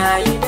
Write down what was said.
ai